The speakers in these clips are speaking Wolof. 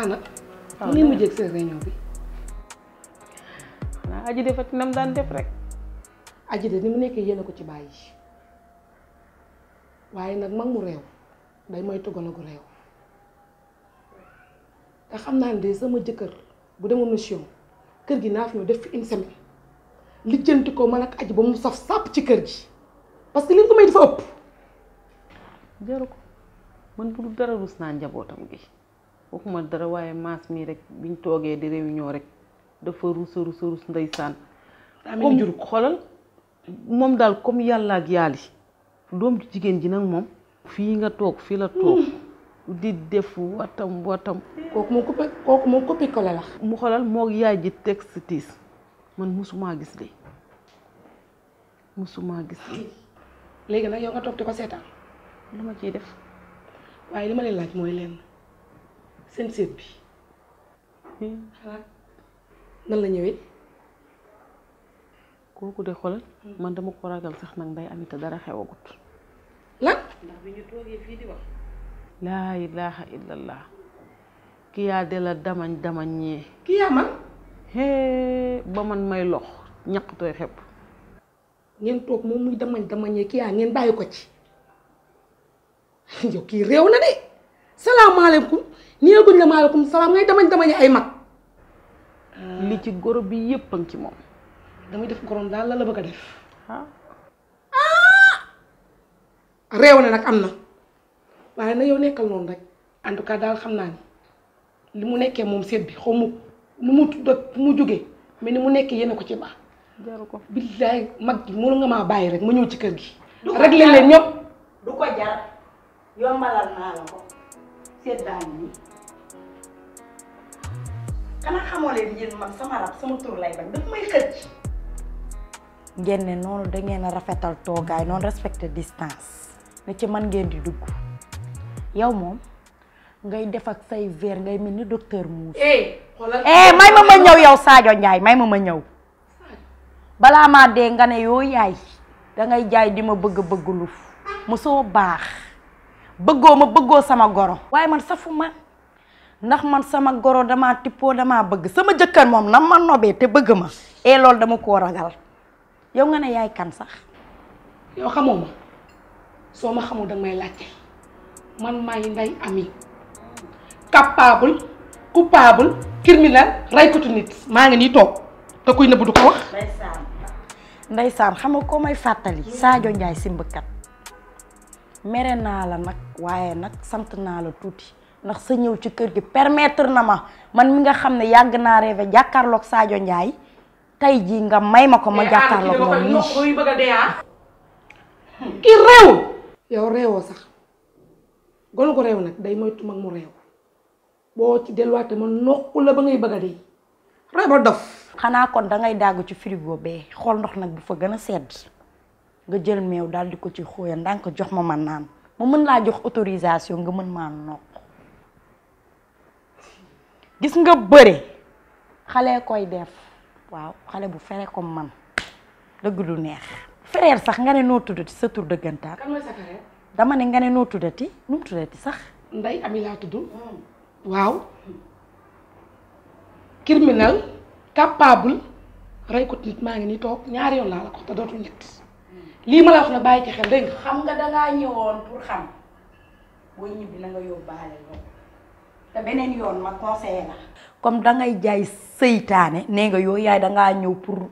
ana ah, mu ngi mujjee seen réunion bi xanaa aji de fati nam daan def rek aji de ni mu nekkee yéene ko ci bàyyi waaye nag mag mu réew day mooy gone gu réew te xam naa ni de sama jëkkër bu demoon mission kër gi naa fi ñëw def fi une semaine lijjanti ko man ak aji ba mu saf sàpp ci kër gi parce que li nga ko may dafa ëpp man bu dul dara rus naa njabootam gi waxuma dara waaye maas mii rek biñ toogee di réew réunion rek dafa rus a rus a rus ndeysaan comme jur xoolal moom daal comme yàlla ak yàlli doom ju jigéen ji nag moom fii nga toog fii la toog hmm. di def watam watam kooku moo coupé kooku moo la mu xoolal moo yaay ji texte tiis man musumaa gis lii musumaa gis lii léegi nag yow nga toog di ko seetaan lu ma ciy def waaye li ma leen laaj mooy leen sen séet bi hmm. nan la ñëwé koku de xolal hmm. man dama ko ragal sax nak nday amita dara xewagut lan ndax bi ñu toogee di wax la ilaha illallah ki de la damañ damañ ñe ki man hee ba man may lox ñak toy xep ngeen tok moom muy damañ damañee ki yaa ngeen bayiko ci yo ki rew na de alaykum néeguñ la maaleykum salaam ngay damañ damañ ay mag. Ah. li ci goro bi yépp ci moom. damay def gorom daal la la bëgg a def. Ah. ah. réew ne nag am na waaye na yow nekkal noonu rek en tout cas daal xam naa ni li mu nekkee moom seet bi xaw ma nu mu tudd mu jóge mel ni mu nekkee yéen ko ci baax. jaru ko billaay mag gi mënu nga maa bàyyi rek ma ñëw ci kër gi. du ko jar leen ñëpp. du ko jar yombalal naa ko seet daa xanaa xamoo leen yéen man sama rab sama tur lay bañ daf may xëcc. ngeen ne noonu dangeen a rafetal toogaay noonu respecté distance ne ci man ngeen di dugg yow moom ngay def ak say verre ngay mel ni docteur Moussa. Eh, eh may ma ma ñëw yow Sadio Ndiaye may ma ma ñëw. balaa maa dee nga ne yoo yaay dangay jaay di ma bëgg bëgg lu mu soo baax bëggoo ma bëggoo sama goro waaye man safu ndax man sama goro dama tippoo damaa bëgg sama jëkkër moom na ma nobee te bëgg ma e loolu dama koo ragal yow nga ne yaay kan sax yow xamoo ma soo ma xamul danga may laajte man maay Ndeye Amy capable coupable criminel raykatu nit maa ngi nii toog te kuy nëbb du ko wax ndeysaan xam nga koo may fàttali Sadio Ndiaye si mbëkkat mere naa la nag waaye nag sant naa la tuuti ndax sa ñëw ci kër gi permettre na ma man mi nga xam ne yàgg naa rêvé jàkkaarlook saajo njaay tey jii nga may ma ko ma eh, jàkkaarloog moom nii ah. kii réew yow réewoo sax gone ko réew nag day moytu mag mu réew boo ci delluwaate ma nokku la ba ngay bëgg a dee réew ba dof xanaa kon dangay dàggu ci frigo bee xool ndox nag bu fa gën a sedd nga jël meew daal di ko ci xóoya ndànk jox ma ma naan ma mën laa jox autorisation nga mën maa nokk gis nga bëre xale koy def waaw xale bu fere comme man dëgg du neex frère sax nga ne noo tuddati sa tur dëggantaan. kan sa frère. dama ne nga ne noo tuddati nu mu tuddati sax. Ndeye Amy laa tudd. waaw. criminel capable rey ko nit maa ngi nii toog ñaari yoon laa la ko te dootul lii ma la wax na bàyyi ci xel dégg xam nga dangaa ñëwoon pour xam booy te beneen yoon ma conseillé la. comme da ngay jaay seytaane nee nga yow yaay dangaa ñëw pour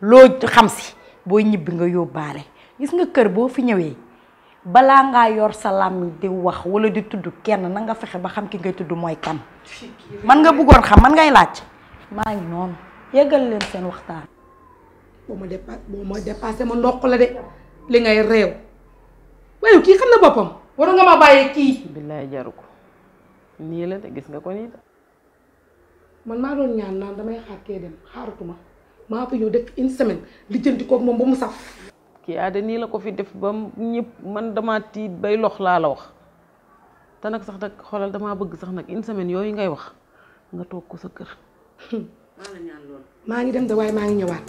loo xam si boo ñibbi nga yóbbaale gis nga kër boo fi ñëwee balaa ngaa yor sa làmmiñ di wax wala di tudd kenn na nga fexe ba xam ki ngay tudd mooy kan. man nga buggoon xam man ngay laaj. maa ngi noonu yëgal leen seen waxtaan. boo ma dépassé boo ma dépassé la de li ngay réew waaye kii xam na boppam war nga ma bàyyee kii. billaay jaru ko. nii la de gis nga ko nii de. man maa doon ñaan naan damay xaar dem xaaratuma maa fi ñëw def une semaine lijjanti koog moom ba mu saf. kii aada nii la ko fi def ba ñépp man damaa tiit bay lox laa la wax te nag sax nag xoolal damaa bëgg sax nag une semaine yooyu ngay wax nga toog ko sa kër. maa ngi dem de waaye maa ngi ñëwaat.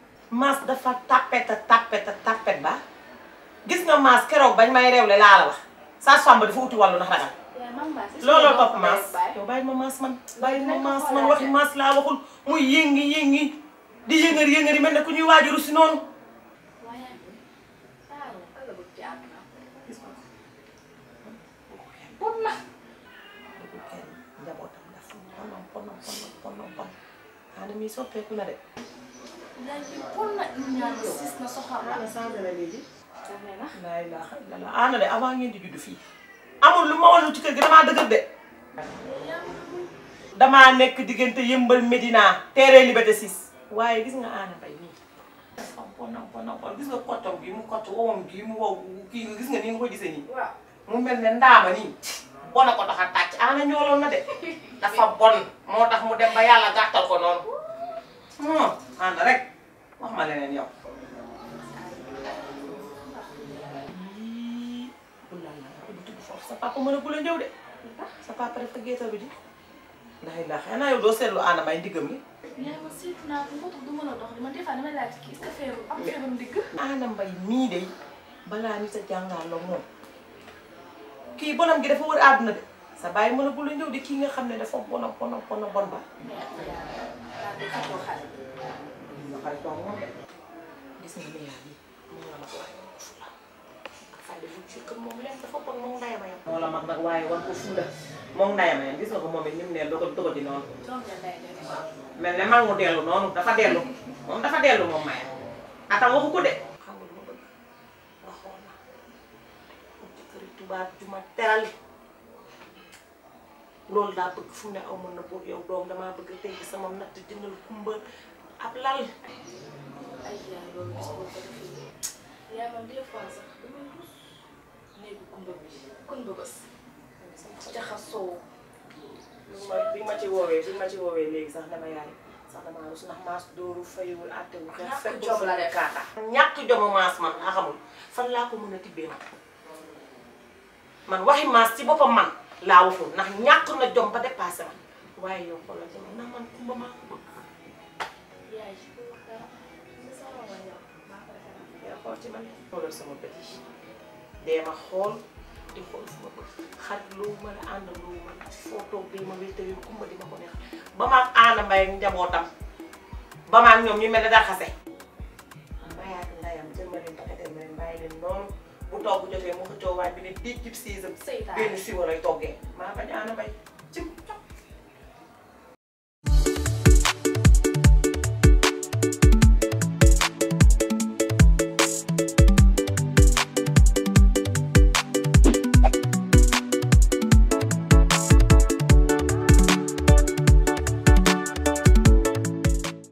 maas dafa tapeta tapeta tapet ba gis nga maas keroog bañ may réewle laa la wax saa su ba dafa uti wàllu ndax ragal. looloo topp maas yow bàyyi ma maas man. bàyyi ma maas man waxi maas laa waxul muy yëngi yëngi di yëngër yëngër yi mel ku ñuy waajuru si noonu. njaboot am ana de avant ngeen di judd fii amul lu ma wala ci kër gi damaa dëgër de damaa nekk diggante yëmbal Medina terrain Liberté 6 waaye gis nga ana bay nii dafa bon bon bon gis nga kottam gi mu kott wowam gi mu wow kii nga gis nga ni nga ko gisee nii mu mel ne ndaama nii bon a ko tax a tàcc ana ñooloon na de dafa bon moo mau ma leneen yow. sa apa mën a bu la ñëw de. sa papa def ko géetal bi di. ndax yi laa xanaa yow doo seetlu Anna Mbaye ndiggam li. yaa ma seetlu naa ko moo tax du mën a dox man des fois damay laaj kii est-ce que feeru am feeru ndigg. Anna Mbaye nii de balaa nit a jàngaarloo moom kii bonam gi dafa wër àdduna de sa bàyyi mën a bu la ñëw de kii nga xam ne dafa bonam bonam bonam bon ba. xarit toog moom gis nga moom la mag waaye war ko fulla moom leen dafa bon moom gis nga ko moom it ni mu ne dogal dogal di noonu mel ne mangu dellu noonu dafa dellu moom dafa dellu moom maye atam waxu ko de xam nga lu ma bëgg waxoon na ma teral loolu laa fu ne aw mën na boog yow doom sama natt dina la ab lal. ay yaa loolu gis nga ko defee yaa man des fois sax damay rus néegu kumba bi kumba bës jaxasoo. bi ma ci woowee bi ma ci woowee léegi sax dama yaay sax dama rus ndax maas dóoru fayul àttewul xeex fekk jom la rek kaata ñàkk jomu maas man nga xamul fan laa ko mën a tibbee nag man waxi maas ci boppam man laa waxul ndax ñàkk na jom ba dépassé man waaye yow xoolal ci man ndax man kumba maa ko bëgg xool ci man xoolal sama bët yi dee ma xool di xool sama bët xaj loo mën a àndal loo mën ma wér te yow kumba di ma ba ma ànd mbay njabootam ba ma ñoom ñu mel ne daa xase mbayaat ndayam jël ma leen paquetel ma leen bàyyi leen noonu bu togg jotee mu xëccoo waaj bi ne diig cib siisam benn siwa lay toggee maa bañ ànd mbay